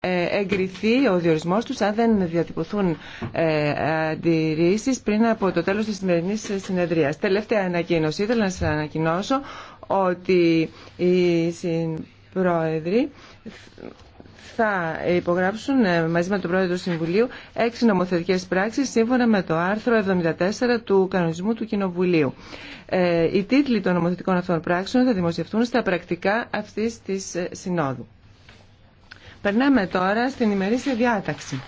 Ε, εγκριθεί ο διορισμός τους αν δεν διατυπωθούν ε, αντιρρήσεις πριν από το τέλος της σημερινής συνεδρίας. Τελευταία ανακοίνωση, ήθελα να σας ανακοινώσω ότι οι συμπρόεδροι θα υπογράψουν ε, μαζί με τον πρόεδρο του Συμβουλίου έξι νομοθετικές πράξεις σύμφωνα με το άρθρο 74 του κανονισμού του Κοινοβουλίου. Ε, οι τίτλοι των νομοθετικών αυτών πράξεων θα δημοσιευτούν στα πρακτικά αυτής της συνόδου. Περνάμε τώρα στην ημερήσια διάταξη.